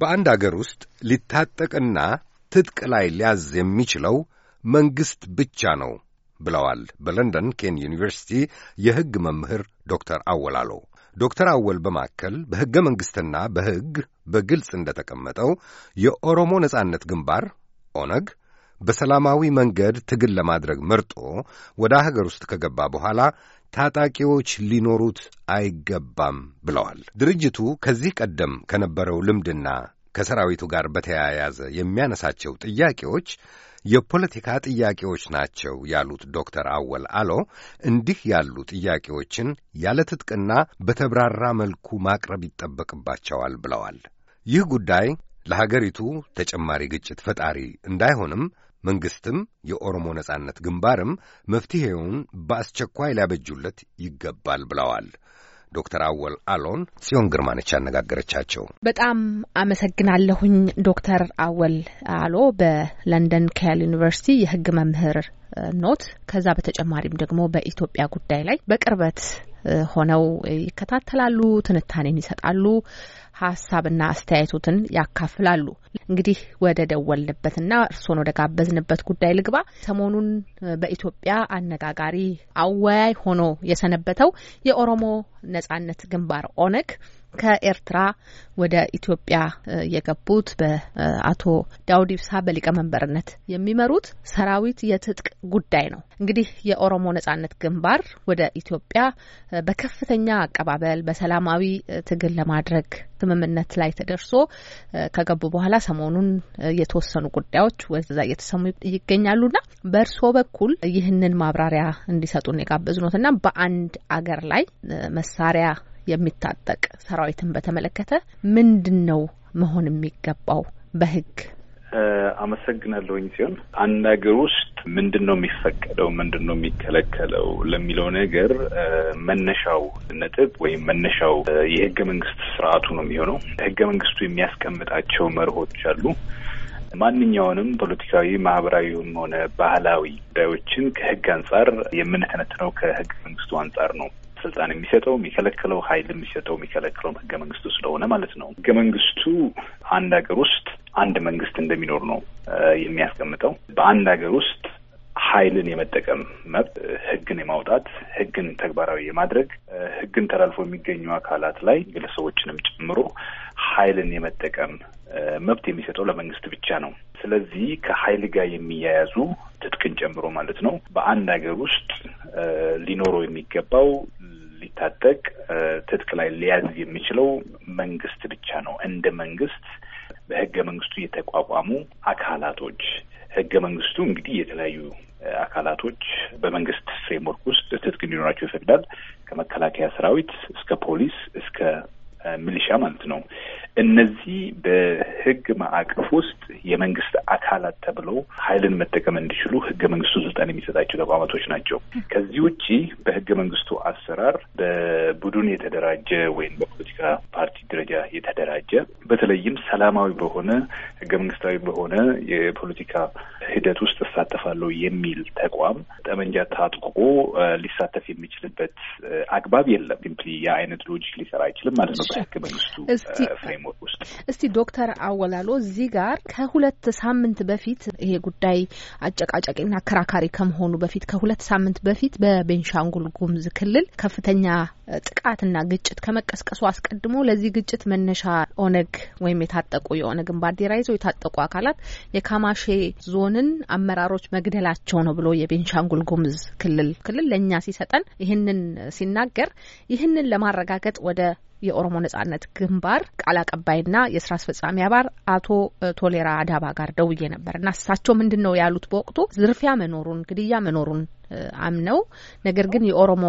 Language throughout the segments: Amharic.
በአንድ አገር ውስጥ ሊታጠቅና ትጥቅ ላይ ሊያዝ የሚችለው መንግሥት ብቻ ነው ብለዋል በለንደን ኬን ዩኒቨርሲቲ የሕግ መምህር ዶክተር አወል አለው። ዶክተር አወል በማከል በሕገ መንግሥትና በሕግ በግልጽ እንደተቀመጠው የኦሮሞ ነጻነት ግንባር ኦነግ በሰላማዊ መንገድ ትግል ለማድረግ መርጦ ወደ አገር ውስጥ ከገባ በኋላ ታጣቂዎች ሊኖሩት አይገባም ብለዋል። ድርጅቱ ከዚህ ቀደም ከነበረው ልምድና ከሰራዊቱ ጋር በተያያዘ የሚያነሳቸው ጥያቄዎች የፖለቲካ ጥያቄዎች ናቸው ያሉት ዶክተር አወል አሎ እንዲህ ያሉ ጥያቄዎችን ያለ ትጥቅና በተብራራ መልኩ ማቅረብ ይጠበቅባቸዋል ብለዋል። ይህ ጉዳይ ለሀገሪቱ ተጨማሪ ግጭት ፈጣሪ እንዳይሆንም መንግሥትም የኦሮሞ ነጻነት ግንባርም መፍትሔውን በአስቸኳይ ሊያበጁለት ይገባል ብለዋል። ዶክተር አወል አሎን ጽዮን ነች ያነጋገረቻቸው። በጣም አመሰግናለሁኝ ዶክተር አወል አሎ በለንደን ከያል ዩኒቨርሲቲ የህግ መምህር ኖት። ከዛ በተጨማሪም ደግሞ በኢትዮጵያ ጉዳይ ላይ በቅርበት ሆነው ይከታተላሉ፣ ትንታኔን ይሰጣሉ። ሀሳብና አስተያየቶትን ያካፍላሉ። እንግዲህ ወደ ደወልንበትና እርስዎን ወደ ጋበዝንበት ጉዳይ ልግባ። ሰሞኑን በኢትዮጵያ አነጋጋሪ አወያይ ሆኖ የሰነበተው የኦሮሞ ነጻነት ግንባር ኦነግ ከኤርትራ ወደ ኢትዮጵያ የገቡት በአቶ ዳውድ ኢብሳ በሊቀመንበርነት የሚመሩት ሰራዊት የትጥቅ ጉዳይ ነው። እንግዲህ የኦሮሞ ነጻነት ግንባር ወደ ኢትዮጵያ በከፍተኛ አቀባበል በሰላማዊ ትግል ለማድረግ ስምምነት ላይ ተደርሶ ከገቡ በኋላ ሰሞኑን የተወሰኑ ጉዳዮች ወደዛ እየተሰሙ ይገኛሉና በእርስዎ በኩል ይህንን ማብራሪያ እንዲሰጡን የጋበዝኖትና በአንድ አገር ላይ መሳሪያ የሚታጠቅ ሰራዊትን በተመለከተ ምንድን ነው መሆን የሚገባው በህግ? አመሰግናለሁኝ ሲሆን አንድ ነገር ውስጥ ምንድን ነው የሚፈቀደው ምንድን ነው የሚከለከለው ለሚለው ነገር መነሻው ነጥብ ወይም መነሻው የህገ መንግስት ስርዓቱ ነው የሚሆነው። ህገ መንግስቱ የሚያስቀምጣቸው መርሆች አሉ። ማንኛውንም ፖለቲካዊ፣ ማህበራዊም ሆነ ባህላዊ ጉዳዮችን ከህግ አንጻር የምንተነትነው ከህገ መንግስቱ አንጻር ነው። ስልጣን የሚሰጠው የሚከለክለው ኃይል የሚሰጠው የሚከለክለው ህገ መንግስቱ ስለሆነ ማለት ነው። ህገ መንግስቱ አንድ ሀገር ውስጥ አንድ መንግስት እንደሚኖር ነው የሚያስቀምጠው። በአንድ ሀገር ውስጥ ኃይልን የመጠቀም መብት፣ ህግን የማውጣት፣ ህግን ተግባራዊ የማድረግ ህግን ተላልፎ የሚገኙ አካላት ላይ ግለሰቦችንም ጨምሮ ኃይልን የመጠቀም መብት የሚሰጠው ለመንግስት ብቻ ነው። ስለዚህ ከኃይል ጋር የሚያያዙ ትጥቅን ጨምሮ ማለት ነው በአንድ ሀገር ውስጥ ሊኖረው የሚገባው ሊታጠቅ ትጥቅ ላይ ሊያዝ የሚችለው መንግስት ብቻ ነው። እንደ መንግስት በህገ መንግስቱ የተቋቋሙ አካላቶች ህገ መንግስቱ እንግዲህ የተለያዩ አካላቶች በመንግስት ፍሬምወርክ ውስጥ ትጥቅ እንዲኖራቸው ይፈቅዳል። ከመከላከያ ሰራዊት እስከ ፖሊስ እስከ ሚሊሻ ማለት ነው። እነዚህ በህግ ማዕቀፍ ውስጥ የመንግስት አካላት ተብለው ኃይልን መጠቀም እንዲችሉ ህገ መንግስቱ ስልጣን የሚሰጣቸው ተቋማቶች ናቸው። ከዚህ ውጪ በህገ መንግስቱ አሰራር በቡድን የተደራጀ ወይም በፖለቲካ ፓርቲ ደረጃ የተደራጀ በተለይም ሰላማዊ በሆነ ህገ መንግስታዊ በሆነ የፖለቲካ ሂደት ውስጥ እሳተፋለሁ የሚል ተቋም ጠመንጃ ታጥቆ ሊሳተፍ የሚችልበት አግባብ የለም። ሲምፕሊ ያ አይነት ሎጂክ ሊሰራ አይችልም ማለት ነው በህገ መንግስቱ ፍሬምወርክ ውስጥ። እስቲ ዶክተር አወላሎ እዚህ ጋር ከሁለት ሳምንት በፊት ይሄ ጉዳይ አጨቃጫቂና አከራካሪ ከመሆኑ በፊት ከሁለት ሳምንት በፊት በቤንሻንጉል ጉሙዝ ክልል ከፍተኛ ጥቃትና ግጭት ከመቀስቀሱ አስቀድሞ ለዚህ ግጭት መነሻ ኦነግ ወይም የታጠቁ የኦነግን ባንዲራ ይዘው የታጠቁ አካላት የካማሼ ዞንን አመራሮች መግደላቸው ነው ብሎ የቤንሻንጉል ጉምዝ ክልል ክልል ለእኛ ሲሰጠን ይህንን ሲናገር ይህንን ለማረጋገጥ ወደ የኦሮሞ ነጻነት ግንባር ቃል አቀባይና የስራ አስፈጻሚ አባር አቶ ቶሌራ አዳባ ጋር ደውዬ ነበር እና እሳቸው ምንድን ነው ያሉት በወቅቱ ዝርፊያ መኖሩን ግድያ መኖሩን አምነው ነገር ግን የኦሮሞ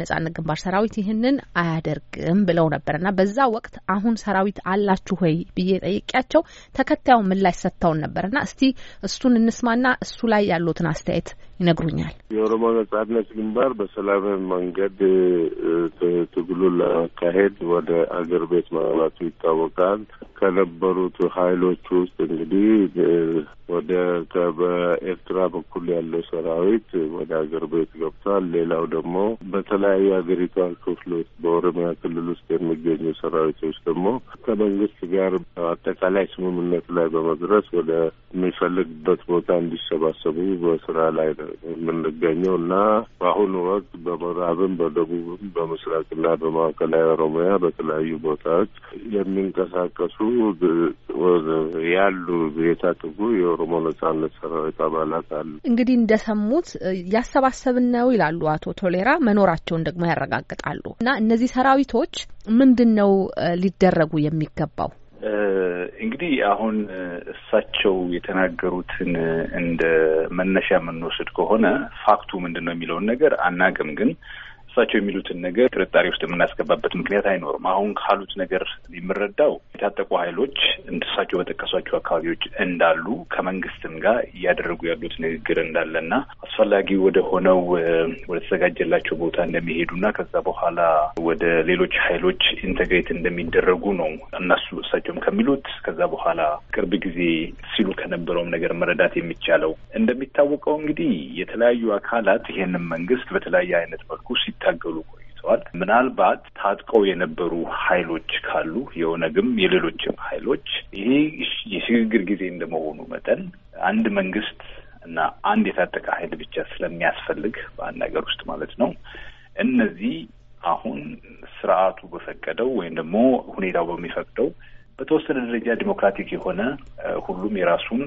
ነጻነት ግንባር ሰራዊት ይህንን አያደርግም ብለው ነበርና በዛ ወቅት አሁን ሰራዊት አላችሁ ወይ ብዬ ጠይቄያቸው ተከታዩ ምላሽ ሰጥተውን ነበርና እስቲ እሱን እንስማና እሱ ላይ ያሉትን አስተያየት ይነግሩኛል። የኦሮሞ ነጻነት ግንባር በሰላማዊ መንገድ ትግሉን ለመካሄድ ወደ አገር ቤት መግባቱ ይታወቃል። ከነበሩት ኃይሎች ውስጥ እንግዲህ ወደ በኤርትራ በኩል ያለው ሰራዊት ወደ ሀገር ቤት ገብቷል። ሌላው ደግሞ በተለያዩ ሀገሪቷ ክፍሎች በኦሮሚያ ክልል ውስጥ የሚገኙ ሰራዊቶች ደግሞ ከመንግስት ጋር አጠቃላይ ስምምነት ላይ በመድረስ ወደ የሚፈልግበት ቦታ እንዲሰባሰቡ በስራ ላይ የምንገኘው እና በአሁኑ ወቅት በምዕራብም በደቡብም በምስራቅና በማዕከላዊ ኦሮሚያ በተለያዩ ቦታዎች የሚንቀሳቀሱ ያሉ የታጠቁ የኦሮሞ ነጻነት ሰራዊት አባላት አሉ። እንግዲህ እንደሰሙት ያሰባሰብን ነው ይላሉ አቶ ቶሌራ፣ መኖራቸውን ደግሞ ያረጋግጣሉ። እና እነዚህ ሰራዊቶች ምንድን ነው ሊደረጉ የሚገባው? እንግዲህ አሁን እሳቸው የተናገሩትን እንደ መነሻ የምንወስድ ከሆነ ፋክቱ ምንድን ነው የሚለውን ነገር አናውቅም ግን እሳቸው የሚሉትን ነገር ጥርጣሬ ውስጥ የምናስገባበት ምክንያት አይኖርም። አሁን ካሉት ነገር የምረዳው የታጠቁ ኃይሎች እንድሳቸው በጠቀሷቸው አካባቢዎች እንዳሉ ከመንግስትም ጋር እያደረጉ ያሉት ንግግር እንዳለና አስፈላጊ ወደ ሆነው ወደ ተዘጋጀላቸው ቦታ እንደሚሄዱና ከዛ በኋላ ወደ ሌሎች ኃይሎች ኢንተግሬት እንደሚደረጉ ነው እነሱ እሳቸውም ከሚሉት ከዛ በኋላ ቅርብ ጊዜ ሲሉ ከነበረውም ነገር መረዳት የሚቻለው እንደሚታወቀው እንግዲህ የተለያዩ አካላት ይህንን መንግስት በተለያየ አይነት መልኩ ሲታ ሲታገሉ ቆይተዋል። ምናልባት ታጥቀው የነበሩ ኃይሎች ካሉ የኦነግም የሌሎችም ኃይሎች ይሄ የሽግግር ጊዜ እንደመሆኑ መጠን አንድ መንግስት እና አንድ የታጠቀ ኃይል ብቻ ስለሚያስፈልግ በአንድ ሀገር ውስጥ ማለት ነው እነዚህ አሁን ስርዓቱ በፈቀደው ወይም ደግሞ ሁኔታው በሚፈቅደው በተወሰነ ደረጃ ዲሞክራቲክ የሆነ ሁሉም የራሱን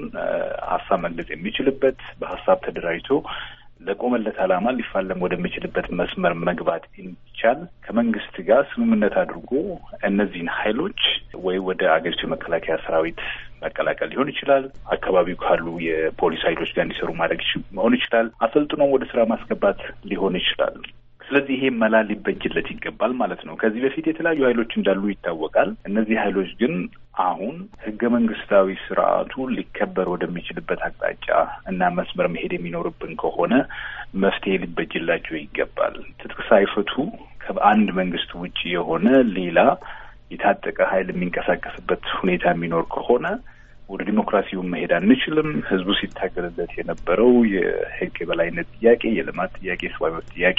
ሀሳብ መግለጽ የሚችልበት በሀሳብ ተደራጅቶ ለቆመለት ዓላማ ሊፋለም ወደሚችልበት መስመር መግባት እንዲቻል ከመንግስት ጋር ስምምነት አድርጎ እነዚህን ኃይሎች ወይ ወደ አገሪቱ የመከላከያ ሰራዊት መቀላቀል ሊሆን ይችላል። አካባቢው ካሉ የፖሊስ ኃይሎች ጋር እንዲሰሩ ማድረግ መሆን ይችላል። አሰልጥኖም ወደ ስራ ማስገባት ሊሆን ይችላል። ስለዚህ ይሄ መላ ሊበጅለት ይገባል ማለት ነው። ከዚህ በፊት የተለያዩ ኃይሎች እንዳሉ ይታወቃል። እነዚህ ኃይሎች ግን አሁን ህገ መንግስታዊ ስርዓቱ ሊከበር ወደሚችልበት አቅጣጫ እና መስመር መሄድ የሚኖርብን ከሆነ መፍትሄ ሊበጅላቸው ይገባል። ትጥቅ ሳይፈቱ ከአንድ መንግስት ውጭ የሆነ ሌላ የታጠቀ ኃይል የሚንቀሳቀስበት ሁኔታ የሚኖር ከሆነ ወደ ዲሞክራሲውን መሄድ አንችልም። ህዝቡ ሲታገልለት የነበረው የህግ የበላይነት ጥያቄ፣ የልማት ጥያቄ፣ ሰብአዊ መብት ጥያቄ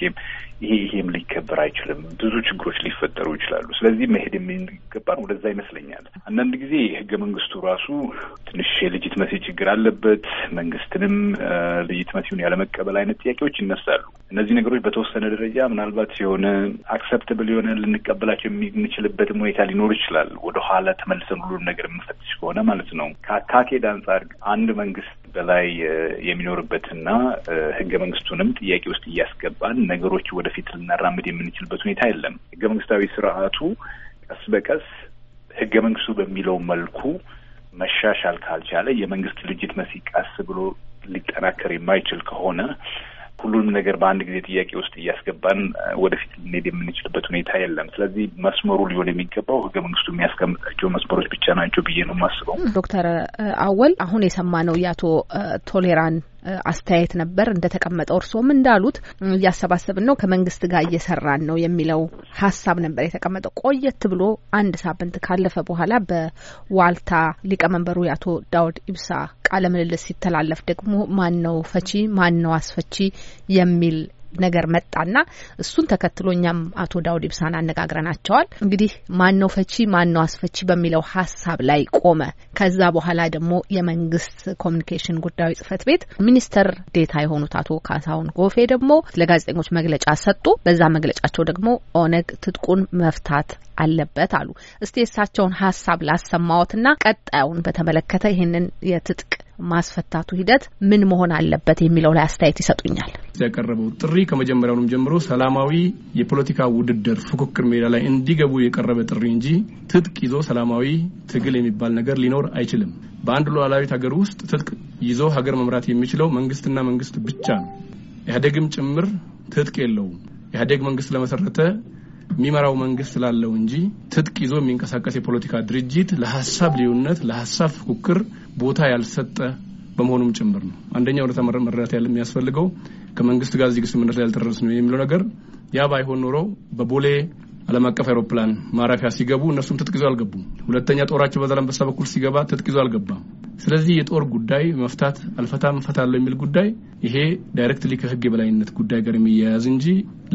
ይሄ ይሄም ሊከበር አይችልም። ብዙ ችግሮች ሊፈጠሩ ይችላሉ። ስለዚህ መሄድ የሚገባን ወደዛ ይመስለኛል። አንዳንድ ጊዜ ህገ መንግስቱ ራሱ ትንሽ የልጅት መሲ ችግር አለበት። መንግስትንም ልጅት መሲውን ያለመቀበል አይነት ጥያቄዎች ይነሳሉ። እነዚህ ነገሮች በተወሰነ ደረጃ ምናልባት የሆነ አክሰፕተብል የሆነ ልንቀበላቸው የምንችልበትም ሁኔታ ሊኖር ይችላል። ወደኋላ ተመልሰን ሁሉም ነገር የምንፈትሽ ከሆነ ማለት ነው። ከአካቴድ አንጻር አንድ መንግስት በላይ የሚኖርበትና ህገ መንግስቱንም ጥያቄ ውስጥ እያስገባን ነገሮች ወደፊት ልናራምድ የምንችልበት ሁኔታ የለም። ህገ መንግስታዊ ስርዓቱ ቀስ በቀስ ህገ መንግስቱ በሚለው መልኩ መሻሻል ካልቻለ የመንግስት ልጅት መሲ ቀስ ብሎ ሊጠናከር የማይችል ከሆነ ሁሉንም ነገር በአንድ ጊዜ ጥያቄ ውስጥ እያስገባን ወደፊት ልንሄድ የምንችልበት ሁኔታ የለም። ስለዚህ መስመሩ ሊሆን የሚገባው ህገ መንግስቱ የሚያስቀምጣቸው መስመሮች ብቻ ናቸው ብዬ ነው የማስበው። ዶክተር አወል አሁን የሰማነው የአቶ ቶሌራን አስተያየት ነበር። እንደተቀመጠው እርስዎም እንዳሉት እያሰባሰብን ነው፣ ከመንግስት ጋር እየሰራን ነው የሚለው ሀሳብ ነበር የተቀመጠው። ቆየት ብሎ አንድ ሳምንት ካለፈ በኋላ በዋልታ ሊቀመንበሩ የአቶ ዳውድ ኢብሳ ቃለ ምልልስ ሲተላለፍ ደግሞ ማን ነው ፈቺ ማን ነው አስፈቺ የሚል ነገር መጣና እሱን ተከትሎ እኛም አቶ ዳውድ ኢብሳን አነጋግረናቸዋል። እንግዲህ ማን ነው ፈቺ ማን ነው አስፈቺ በሚለው ሀሳብ ላይ ቆመ። ከዛ በኋላ ደግሞ የመንግስት ኮሚኒኬሽን ጉዳዮች ጽህፈት ቤት ሚኒስተር ዴታ የሆኑት አቶ ካሳሁን ጎፌ ደግሞ ለጋዜጠኞች መግለጫ ሰጡ። በዛ መግለጫቸው ደግሞ ኦነግ ትጥቁን መፍታት አለበት አሉ። እስቲ የእሳቸውን ሀሳብ ላሰማዎትና ቀጣዩን በተመለከተ ይህንን የትጥቅ ማስፈታቱ ሂደት ምን መሆን አለበት የሚለው ላይ አስተያየት ይሰጡኛል። ያቀረበው ጥሪ ከመጀመሪያውንም ጀምሮ ሰላማዊ የፖለቲካ ውድድር ፉክክር ሜዳ ላይ እንዲገቡ የቀረበ ጥሪ እንጂ ትጥቅ ይዞ ሰላማዊ ትግል የሚባል ነገር ሊኖር አይችልም። በአንድ ሉዓላዊት ሀገር ውስጥ ትጥቅ ይዞ ሀገር መምራት የሚችለው መንግስትና መንግስት ብቻ ነው። ኢህአዴግም ጭምር ትጥቅ የለውም። ኢህአዴግ መንግስት ለመሰረተ የሚመራው መንግስት ስላለው እንጂ ትጥቅ ይዞ የሚንቀሳቀስ የፖለቲካ ድርጅት ለሀሳብ ልዩነት፣ ለሀሳብ ፉክክር ቦታ ያልሰጠ በመሆኑም ጭምር ነው። ወደ ተመረ መረዳት ያለ የሚያስፈልገው ከመንግስት ጋር እዚህ ስምምነት ላይ ያልደረስ ነው የሚለው ነገር ያ ባይሆን ኖሮ በቦሌ ዓለም አቀፍ አውሮፕላን ማረፊያ ሲገቡ እነሱም ትጥቅ ይዞ አልገቡም። ሁለተኛ ጦራቸው በዛላንበሳ በኩል ሲገባ ትጥቅ ይዞ አልገባም። ስለዚህ የጦር ጉዳይ መፍታት አልፈታም እፈታለሁ የሚል ጉዳይ ይሄ ዳይሬክትሊ ከህግ የበላይነት ጉዳይ ጋር የሚያያዝ እንጂ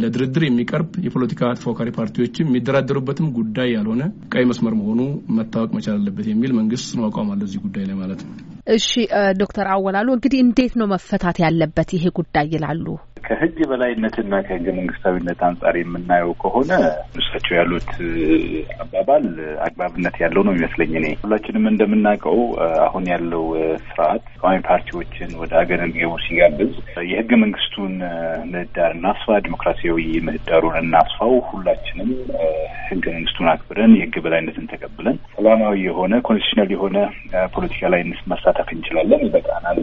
ለድርድር የሚቀርብ የፖለቲካ ተፎካሪ ፓርቲዎችም የሚደራደሩበትም ጉዳይ ያልሆነ ቀይ መስመር መሆኑ መታወቅ መቻል አለበት የሚል መንግስት ነው አቋም አለ እዚህ ጉዳይ ላይ ማለት ነው። እሺ ዶክተር አወላሉ እንግዲህ እንዴት ነው መፈታት ያለበት ይሄ ጉዳይ ይላሉ? ከህግ የበላይነትና ከህገ መንግስታዊነት አንጻር የምናየው ከሆነ እሳቸው ያሉት አባባል አግባብነት ያለው ነው ይመስለኝ። እኔ ሁላችንም እንደምናውቀው አሁን ያለው ስርዓት ተቃዋሚ ፓርቲዎችን ወደ አገር ሲጋብዝ የህገ መንግስቱን ምህዳርና ስፋ ዲሞክራሲ ዲሞክራሲያዊ ምህዳሩን እናስፋው። ሁላችንም ህገ መንግስቱን አክብረን የህግ በላይነትን ተቀብለን ሰላማዊ የሆነ ኮንስቲቱሽናል የሆነ ፖለቲካ ላይ መሳተፍ እንችላለን፣ ይበቃናል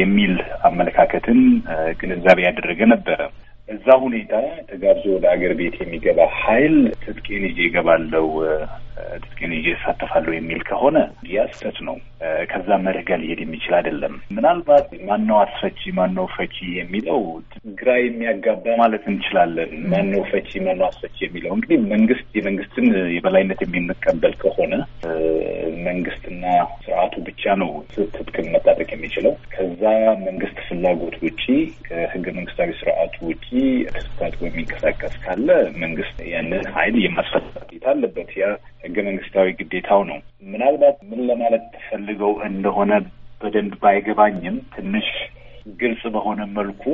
የሚል አመለካከትን ግንዛቤ ያደረገ ነበረ። እዛ ሁኔታ ተጋብዞ ወደ አገር ቤት የሚገባ ሀይል ትጥቄን ይዤ ይገባለው ትጥቅን ይዤ እሳተፋለሁ የሚል ከሆነ ያ ስህተት ነው። ከዛ መርህ ጋር ሊሄድ የሚችል አይደለም። ምናልባት ማነው አስፈቺ ማነው ፈቺ የሚለው ግራ የሚያጋባ ማለት እንችላለን። ማነው ፈቺ ማነው አስፈቺ የሚለው እንግዲህ መንግስት የመንግስትን የበላይነት የሚቀበል ከሆነ መንግስትና ስርዓቱ ብቻ ነው ትጥቅን መታጠቅ የሚችለው። ከዛ መንግስት ፍላጎት ውጪ ከህገ መንግስታዊ ስርዓቱ ውጪ ትጥቅ ታጥቆ የሚንቀሳቀስ ካለ መንግስት ያንን ኃይል የማስፈታት አለበት ያ ህገ መንግስታዊ ግዴታው ነው። ምናልባት ምን ለማለት ተፈልገው እንደሆነ በደንብ ባይገባኝም ትንሽ ግልጽ በሆነ መልኩ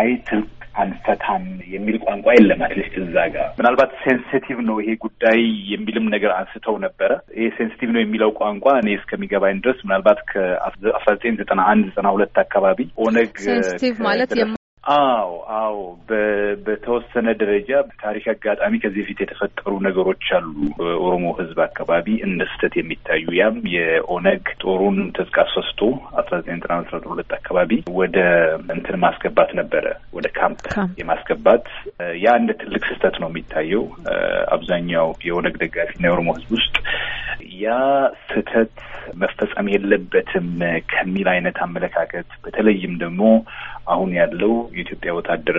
አይ ትልቅ አንፈታም የሚል ቋንቋ የለም። አትሊስት እዛ ጋር ምናልባት ሴንሲቲቭ ነው ይሄ ጉዳይ የሚልም ነገር አንስተው ነበረ። ይሄ ሴንስቲቭ ነው የሚለው ቋንቋ እኔ እስከሚገባኝ ድረስ ምናልባት ከአስራ ዘጠኝ ዘጠና አንድ ዘጠና ሁለት አካባቢ ኦነግ ሴንስቲቭ ማለት አዎ አዎ፣ በተወሰነ ደረጃ ታሪክ አጋጣሚ ከዚህ በፊት የተፈጠሩ ነገሮች አሉ። በኦሮሞ ህዝብ አካባቢ እንደ ስህተት የሚታዩ ያም የኦነግ ጦሩን ትጥቅ አስወስቶ አስራ ዘጠኝ ጥና አስራ ሁለት አካባቢ ወደ እንትን ማስገባት ነበረ፣ ወደ ካምፕ የማስገባት ያ እንደ ትልቅ ስህተት ነው የሚታየው አብዛኛው የኦነግ ደጋፊና የኦሮሞ ህዝብ ውስጥ ያ ስህተት መፈጸም የለበትም ከሚል አይነት አመለካከት በተለይም ደግሞ አሁን ያለው የኢትዮጵያ ወታደር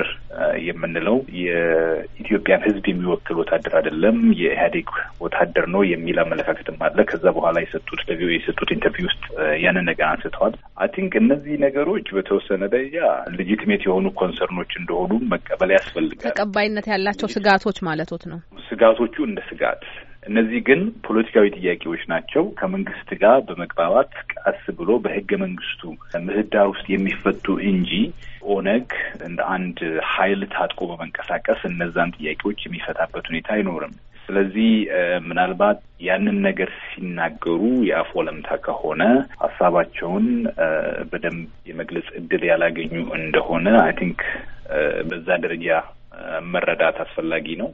የምንለው የኢትዮጵያን ሕዝብ የሚወክል ወታደር አይደለም፣ የኢህአዴግ ወታደር ነው የሚል አመለካከትም አለ። ከዛ በኋላ የሰጡት ለቪኦኤ የሰጡት ኢንተርቪው ውስጥ ያንን ነገር አንስተዋል። አይ ቲንክ እነዚህ ነገሮች በተወሰነ ደረጃ ሌጂትሜት የሆኑ ኮንሰርኖች እንደሆኑ መቀበል ያስፈልጋል። ተቀባይነት ያላቸው ስጋቶች ማለቶት ነው። ስጋቶቹ እንደ ስጋት እነዚህ ግን ፖለቲካዊ ጥያቄዎች ናቸው። ከመንግስት ጋር በመግባባት ቀስ ብሎ በህገ መንግስቱ ምህዳር ውስጥ የሚፈቱ እንጂ ኦነግ እንደ አንድ ኃይል ታጥቆ በመንቀሳቀስ እነዛን ጥያቄዎች የሚፈታበት ሁኔታ አይኖርም። ስለዚህ ምናልባት ያንን ነገር ሲናገሩ የአፍ ወለምታ ከሆነ ሀሳባቸውን በደንብ የመግለጽ እድል ያላገኙ እንደሆነ አይ ቲንክ በዛ ደረጃ መረዳት አስፈላጊ ነው።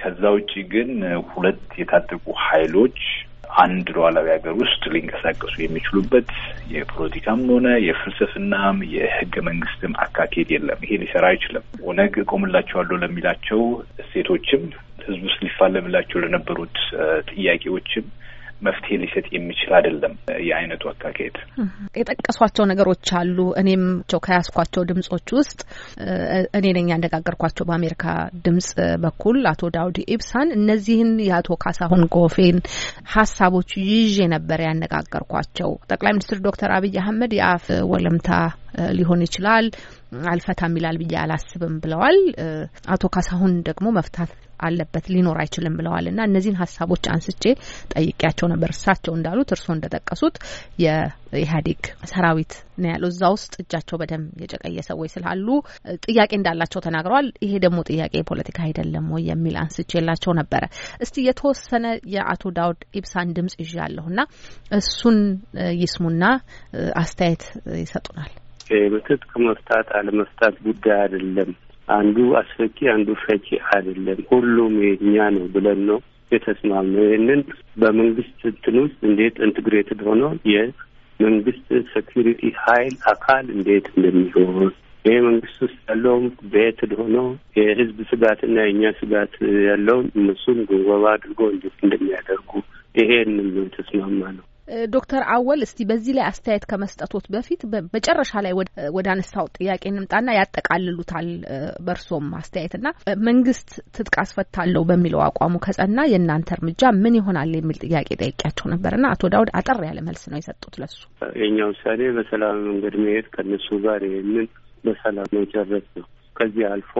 ከዛ ውጭ ግን ሁለት የታጠቁ ኃይሎች አንድ ሉዓላዊ ሀገር ውስጥ ሊንቀሳቀሱ የሚችሉበት የፖለቲካም ሆነ የፍልስፍናም የህገ መንግስትም አካሄድ የለም። ይሄ ሊሰራ አይችልም። ኦነግ እቆምላቸዋለሁ ለሚላቸው እሴቶችም ህዝብ ውስጥ ሊፋለምላቸው ለነበሩት ጥያቄዎችም መፍትሄ ሊሰጥ የሚችል አይደለም የአይነቱ አካሄድ። የጠቀሷቸው ነገሮች አሉ። እኔም ከያስኳቸው ድምጾች ውስጥ እኔ ነኝ ያነጋገርኳቸው በአሜሪካ ድምጽ በኩል አቶ ዳውድ ኢብሳን እነዚህን የአቶ ካሳሁን ጎፌን ሀሳቦች ይዤ ነበር ያነጋገርኳቸው። ጠቅላይ ሚኒስትር ዶክተር አብይ አህመድ የአፍ ወለምታ ሊሆን ይችላል አልፈታም ይላል ብዬ አላስብም ብለዋል። አቶ ካሳሁን ደግሞ መፍታት አለበት ሊኖር አይችልም ብለዋል እና እነዚህን ሀሳቦች አንስቼ ጠይቄያቸው ነበር። እሳቸው እንዳሉት እርስዎ እንደጠቀሱት የኢህአዴግ ሰራዊት ነው ያለው እዛ ውስጥ እጃቸው በደም የጨቀየ ሰዎች ስላሉ ጥያቄ እንዳላቸው ተናግረዋል። ይሄ ደግሞ ጥያቄ የፖለቲካ አይደለም ወይ የሚል አንስቼላቸው ነበረ። እስቲ የተወሰነ የአቶ ዳውድ ኢብሳን ድምጽ ይዤ ያለሁ ና እሱን ይስሙና አስተያየት ይሰጡናል። በትጥቅ መፍታት አለመፍታት ጉዳይ አይደለም። አንዱ አስፈቂ አንዱ ፈቂ አይደለም፣ ሁሉም የኛ ነው ብለን ነው የተስማምነው። ይህንን በመንግስት እንትን ውስጥ እንዴት ኢንትግሬትድ ሆኖ የመንግስት ሴኪሪቲ ሀይል አካል እንዴት እንደሚሆን ይህ መንግስት ውስጥ ያለውም ቤትድ ሆኖ የህዝብ ስጋትና የእኛ ስጋት ያለውን እነሱም ጉንጎባ አድርጎ እንዴት እንደሚያደርጉ ይሄንን ነው የተስማማ ነው። ዶክተር አወል እስቲ በዚህ ላይ አስተያየት ከመስጠቶት በፊት መጨረሻ ላይ ወደ አነሳው ጥያቄ እንምጣና ያጠቃልሉታል በእርሶም አስተያየትና መንግስት ትጥቅ አስፈታለሁ በሚለው አቋሙ ከጸና የእናንተ እርምጃ ምን ይሆናል የሚል ጥያቄ ጠይቂያቸው ነበርና አቶ ዳውድ አጠር ያለ መልስ ነው የሰጡት። ለሱ የእኛ ውሳኔ በሰላም መንገድ መሄድ ከነሱ ጋር ይህንን በሰላም መጨረስ ነው። ከዚህ አልፎ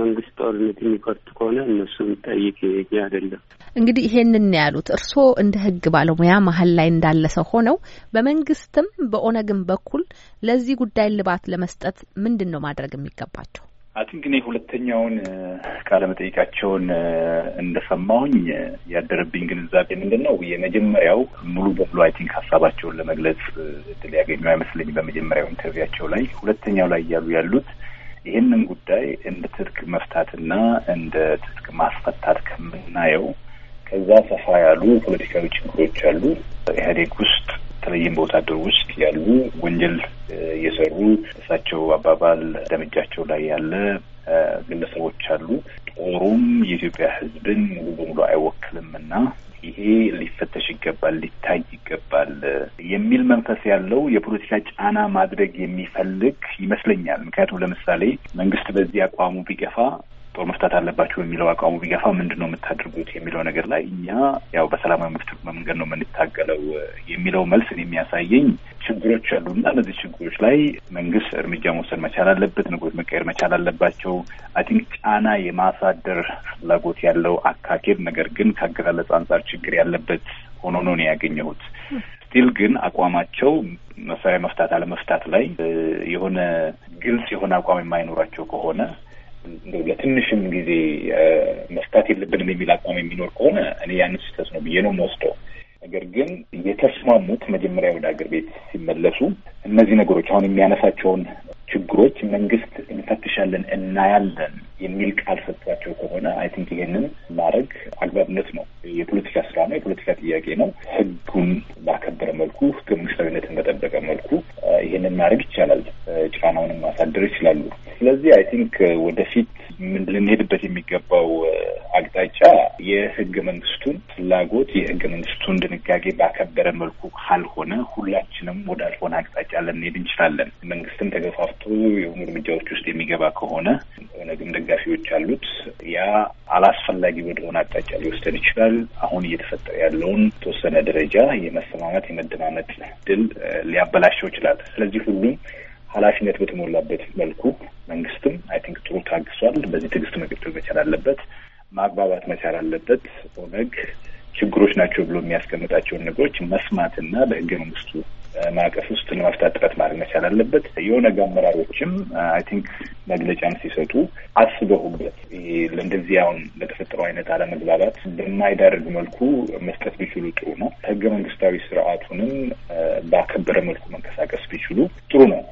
መንግስት ጦርነት የሚከርት ከሆነ እነሱን ጠይቅ አይደለም። እንግዲህ ይሄንን ያሉት እርስዎ እንደ ህግ ባለሙያ መሀል ላይ እንዳለ ሰው ሆነው በመንግስትም በኦነግም በኩል ለዚህ ጉዳይ ልባት ለመስጠት ምንድን ነው ማድረግ የሚገባቸው? አቲንክ እኔ ሁለተኛውን ቃለ መጠይቃቸውን እንደሰማሁኝ ያደረብኝ ግንዛቤ ምንድን ነው፣ የመጀመሪያው ሙሉ በሙሉ አይቲንክ ሀሳባቸውን ለመግለጽ እድል ያገኙ አይመስለኝ በመጀመሪያው ኢንተርቪያቸው ላይ። ሁለተኛው ላይ እያሉ ያሉት ይህንን ጉዳይ እንደ ትጥቅ መፍታትና እንደ ትጥቅ ማስፈታት ከምናየው ከዛ ሰፋ ያሉ ፖለቲካዊ ችግሮች አሉ። ኢህአዴግ ውስጥ በተለይም በወታደር ውስጥ ያሉ ወንጀል እየሰሩ እሳቸው አባባል ደምጃቸው ላይ ያለ ግለሰቦች አሉ። ጦሩም የኢትዮጵያ ሕዝብን ሙሉ በሙሉ አይወክልም እና ይሄ ሊፈተሽ ይገባል፣ ሊታይ ይገባል የሚል መንፈስ ያለው የፖለቲካ ጫና ማድረግ የሚፈልግ ይመስለኛል። ምክንያቱም ለምሳሌ መንግስት በዚህ አቋሙ ቢገፋ ጦር መፍታት አለባቸው የሚለው አቋሙ ቢገፋ ምንድን ነው የምታደርጉት የሚለው ነገር ላይ እኛ ያው በሰላማዊ መፍትሄ በመንገድ ነው የምንታገለው የሚለው መልስ የሚያሳየኝ ችግሮች አሉ እና እነዚህ ችግሮች ላይ መንግስት እርምጃ መውሰድ መቻል አለበት። ነገሮች መቀየር መቻል አለባቸው። አይ ቲንክ ጫና የማሳደር ፍላጎት ያለው አካሄድ ነገር ግን ከአገላለጽ አንጻር ችግር ያለበት ሆኖ ነው ያገኘሁት። ስቲል ግን አቋማቸው መሳሪያ መፍታት አለመፍታት ላይ የሆነ ግልጽ የሆነ አቋም የማይኖራቸው ከሆነ እንደው ለትንሽም ጊዜ መፍታት የለብንም የሚል አቋም የሚኖር ከሆነ እኔ ያንን ስህተት ነው ብዬ ነው የምወስደው። ነገር ግን የተስማሙት መጀመሪያ ወደ አገር ቤት ሲመለሱ እነዚህ ነገሮች አሁን የሚያነሳቸውን ችግሮች መንግስት እንፈትሻለን፣ እናያለን የሚል ቃል ሰጥቷቸው ከሆነ አይ ቲንክ ይሄንን ማድረግ አግባብነት ነው። የፖለቲካ ስራ ነው፣ የፖለቲካ ጥያቄ ነው። ህጉን ባከበረ መልኩ ህገ መንግስታዊነትን በጠበቀ መልኩ ይሄንን ማድረግ ይቻላል። ጫናውንም ማሳደር ይችላሉ። ስለዚህ አይ ቲንክ uh, ወደፊት ምን ልንሄድበት የሚገባው uh, አቅጣጫ የህገ መንግስቱን ፍላጎት የህገ መንግስቱን ድንጋጌ ባከበረ መልኩ ካልሆነ ሁላችንም ወዳልሆነ አቅጣጫ ልንሄድ እንችላለን። መንግስትም ተገፋፍቶ የሆኑ እርምጃዎች ውስጥ የሚገባ ከሆነ ነግም ደጋፊዎች አሉት፣ ያ አላስፈላጊ ወደሆነ አቅጣጫ ሊወስደን ይችላል። አሁን እየተፈጠረ ያለውን ተወሰነ ደረጃ የመሰማማት የመደማመጥ ድል uh, ሊያበላሸው ይችላል። ስለዚህ ሁሉም ኃላፊነት በተሞላበት መልኩ መንግስትም አይ ቲንክ ጥሩ ታግሷል። በዚህ ትዕግስት መቀጠል መቻል አለበት። ማግባባት መቻል አለበት። ኦነግ ችግሮች ናቸው ብሎ የሚያስቀምጣቸውን ነገሮች መስማትና በህገ መንግስቱ ማዕቀፍ ውስጥ ለመፍታት ጥረት ማድረግ መቻል አለበት። የኦነግ አመራሮችም አይ ቲንክ መግለጫም ሲሰጡ አስበውበት ለእንደዚህ አሁን ለተፈጠረው አይነት አለመግባባት በማይዳርግ መልኩ መስጠት ቢችሉ ጥሩ ነው። ህገ መንግስታዊ ስርዓቱንም ባከበረ መልኩ መንቀሳቀስ ቢችሉ ጥሩ ነው።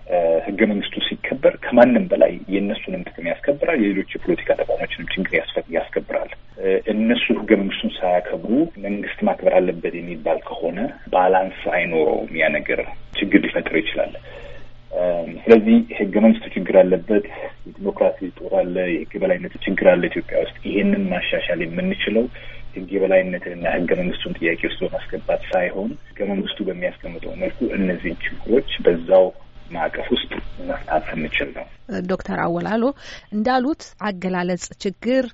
ህገ መንግስቱ ሲከበር ከማንም በላይ የእነሱንም ጥቅም ያስከብራል፣ የሌሎች የፖለቲካ ተቋሞችንም ችግር ያስከብራል። እነሱ ህገ መንግስቱን ሳያከብሩ መንግስት ማክበር አለበት የሚባል ከሆነ ባላንስ አይኖረውም ያ ነገር ነገር ችግር ሊፈጥር ይችላል። ስለዚህ ህገ መንግስቱ ችግር አለበት፣ የዲሞክራሲ ጦር አለ፣ የህግ በላይነት ችግር አለ ኢትዮጵያ ውስጥ። ይሄንን ማሻሻል የምንችለው ህግ የበላይነትንና ህገ መንግስቱን ጥያቄ ውስጥ በማስገባት ሳይሆን ህገ መንግስቱ በሚያስቀምጠው መልኩ እነዚህን ችግሮች በዛው ማዕቀፍ ውስጥ መፍታት ስንችል ነው። ዶክተር አወላሎ እንዳሉት አገላለጽ ችግር፣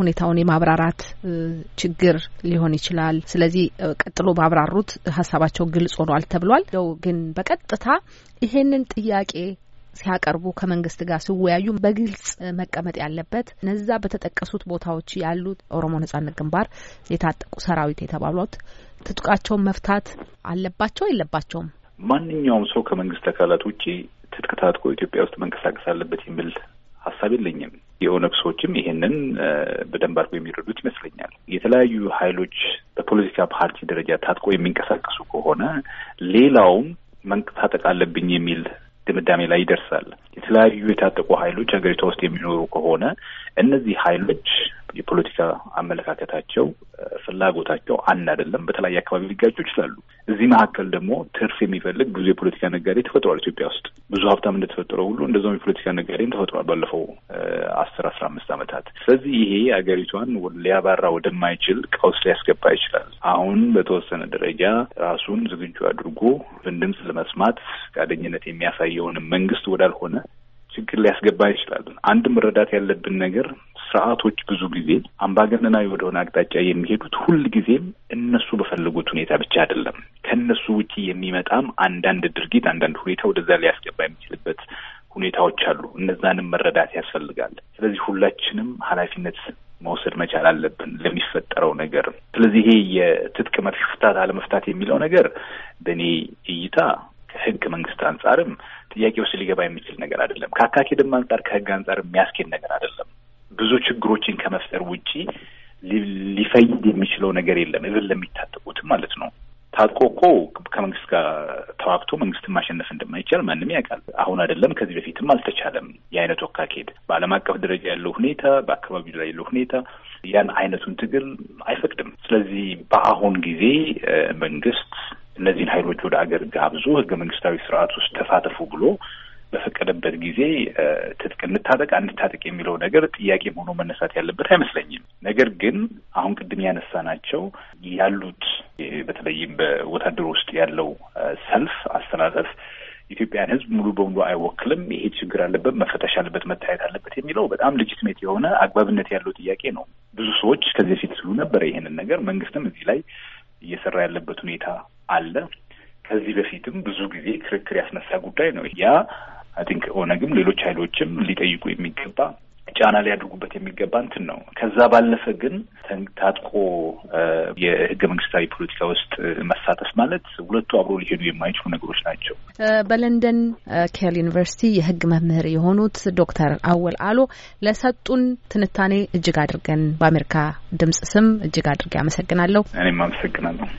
ሁኔታውን የማብራራት ችግር ሊሆን ይችላል። ስለዚህ ቀጥሎ ባብራሩት ሀሳባቸው ግልጽ ሆኗል ተብሏል። ው ግን በቀጥታ ይሄንን ጥያቄ ሲያቀርቡ ከመንግስት ጋር ሲወያዩ በግልጽ መቀመጥ ያለበት እነዛ በተጠቀሱት ቦታዎች ያሉት ኦሮሞ ነጻነት ግንባር የታጠቁ ሰራዊት የተባሉት ትጥቃቸውን መፍታት አለባቸው የለባቸውም ማንኛውም ሰው ከመንግስት አካላት ውጭ ትጥቅ ታጥቆ ኢትዮጵያ ውስጥ መንቀሳቀስ አለበት የሚል ሀሳብ የለኝም። የኦነግ ሰዎችም ይሄንን በደንብ አድርጎ የሚረዱት ይመስለኛል። የተለያዩ ሀይሎች በፖለቲካ ፓርቲ ደረጃ ታጥቆ የሚንቀሳቀሱ ከሆነ ሌላውም መንቀሳጠቅ አለብኝ የሚል ድምዳሜ ላይ ይደርሳል። የተለያዩ የታጠቁ ሀይሎች ሀገሪቷ ውስጥ የሚኖሩ ከሆነ እነዚህ ሀይሎች የፖለቲካ አመለካከታቸው፣ ፍላጎታቸው አንድ አይደለም። በተለያየ አካባቢ ሊጋጩ ይችላሉ። እዚህ መካከል ደግሞ ትርፍ የሚፈልግ ብዙ የፖለቲካ ነጋዴ ተፈጥሯል። ኢትዮጵያ ውስጥ ብዙ ሀብታም እንደተፈጠረው ሁሉ እንደዚያውም የፖለቲካ ነጋዴም ተፈጥሯል ባለፈው አስር አስራ አምስት ዓመታት። ስለዚህ ይሄ ሀገሪቷን ሊያባራ ወደማይችል ቀውስ ሊያስገባ ይችላል። አሁን በተወሰነ ደረጃ ራሱን ዝግጁ አድርጎ ድምፅ ለመስማት ፈቃደኝነት የሚያሳየውን መንግስት ወዳልሆነ ችግር ሊያስገባ ይችላል። አንድ መረዳት ያለብን ነገር ስርዓቶች ብዙ ጊዜ አምባገነናዊ ወደሆነ አቅጣጫ የሚሄዱት ሁል ጊዜም እነሱ በፈለጉት ሁኔታ ብቻ አይደለም። ከእነሱ ውጪ የሚመጣም አንዳንድ ድርጊት፣ አንዳንድ ሁኔታ ወደዛ ሊያስገባ የሚችልበት ሁኔታዎች አሉ። እነዛንም መረዳት ያስፈልጋል። ስለዚህ ሁላችንም ኃላፊነት መውሰድ መቻል አለብን ለሚፈጠረው ነገር። ስለዚህ ይሄ የትጥቅ መፍታት አለመፍታት የሚለው ነገር በእኔ እይታ ከህግ መንግስት አንጻርም ጥያቄ ውስጥ ሊገባ የሚችል ነገር አይደለም። ከአካሄድም አንጻር ከህግ አንጻር የሚያስኬድ ነገር አይደለም። ብዙ ችግሮችን ከመፍጠር ውጪ ሊፈይድ የሚችለው ነገር የለም። እብን ለሚታጠቁትም ማለት ነው። ታጥቆ እኮ ከመንግስት ጋር ተዋግቶ መንግስትን ማሸነፍ እንደማይቻል ማንም ያውቃል። አሁን አይደለም ከዚህ በፊትም አልተቻለም። የአይነት ወካኬድ በዓለም አቀፍ ደረጃ ያለው ሁኔታ፣ በአካባቢው ላይ ያለው ሁኔታ ያን አይነቱን ትግል አይፈቅድም። ስለዚህ በአሁን ጊዜ መንግስት እነዚህን ኃይሎች ወደ አገር ጋብዞ ህገ መንግስታዊ ስርዓት ውስጥ ተሳተፉ ብሎ በፈቀደበት ጊዜ ትጥቅ እንታጠቅ አንድታጠቅ የሚለው ነገር ጥያቄ ሆኖ መነሳት ያለበት አይመስለኝም። ነገር ግን አሁን ቅድም ያነሳ ናቸው ያሉት በተለይም በወታደር ውስጥ ያለው ሰልፍ አስተላለፍ ኢትዮጵያን ሕዝብ ሙሉ በሙሉ አይወክልም። ይሄ ችግር አለበት፣ መፈተሽ አለበት፣ መታየት አለበት የሚለው በጣም ልጅትሜት የሆነ አግባብነት ያለው ጥያቄ ነው። ብዙ ሰዎች ከዚህ በፊት ስሉ ነበረ ይሄንን ነገር። መንግስትም እዚህ ላይ እየሰራ ያለበት ሁኔታ አለ። ከዚህ በፊትም ብዙ ጊዜ ክርክር ያስነሳ ጉዳይ ነው ያ አይ ቲንክ ኦነግም ሌሎች ኃይሎችም ሊጠይቁ የሚገባ ጫና ሊያደርጉበት የሚገባ እንትን ነው። ከዛ ባለፈ ግን ታጥቆ የህገ መንግስታዊ ፖለቲካ ውስጥ መሳተፍ ማለት ሁለቱ አብሮ ሊሄዱ የማይችሉ ነገሮች ናቸው። በለንደን ኬል ዩኒቨርሲቲ የህግ መምህር የሆኑት ዶክተር አወል አሎ ለሰጡን ትንታኔ እጅግ አድርገን በአሜሪካ ድምጽ ስም እጅግ አድርጌ አመሰግናለሁ። እኔም አመሰግናለሁ።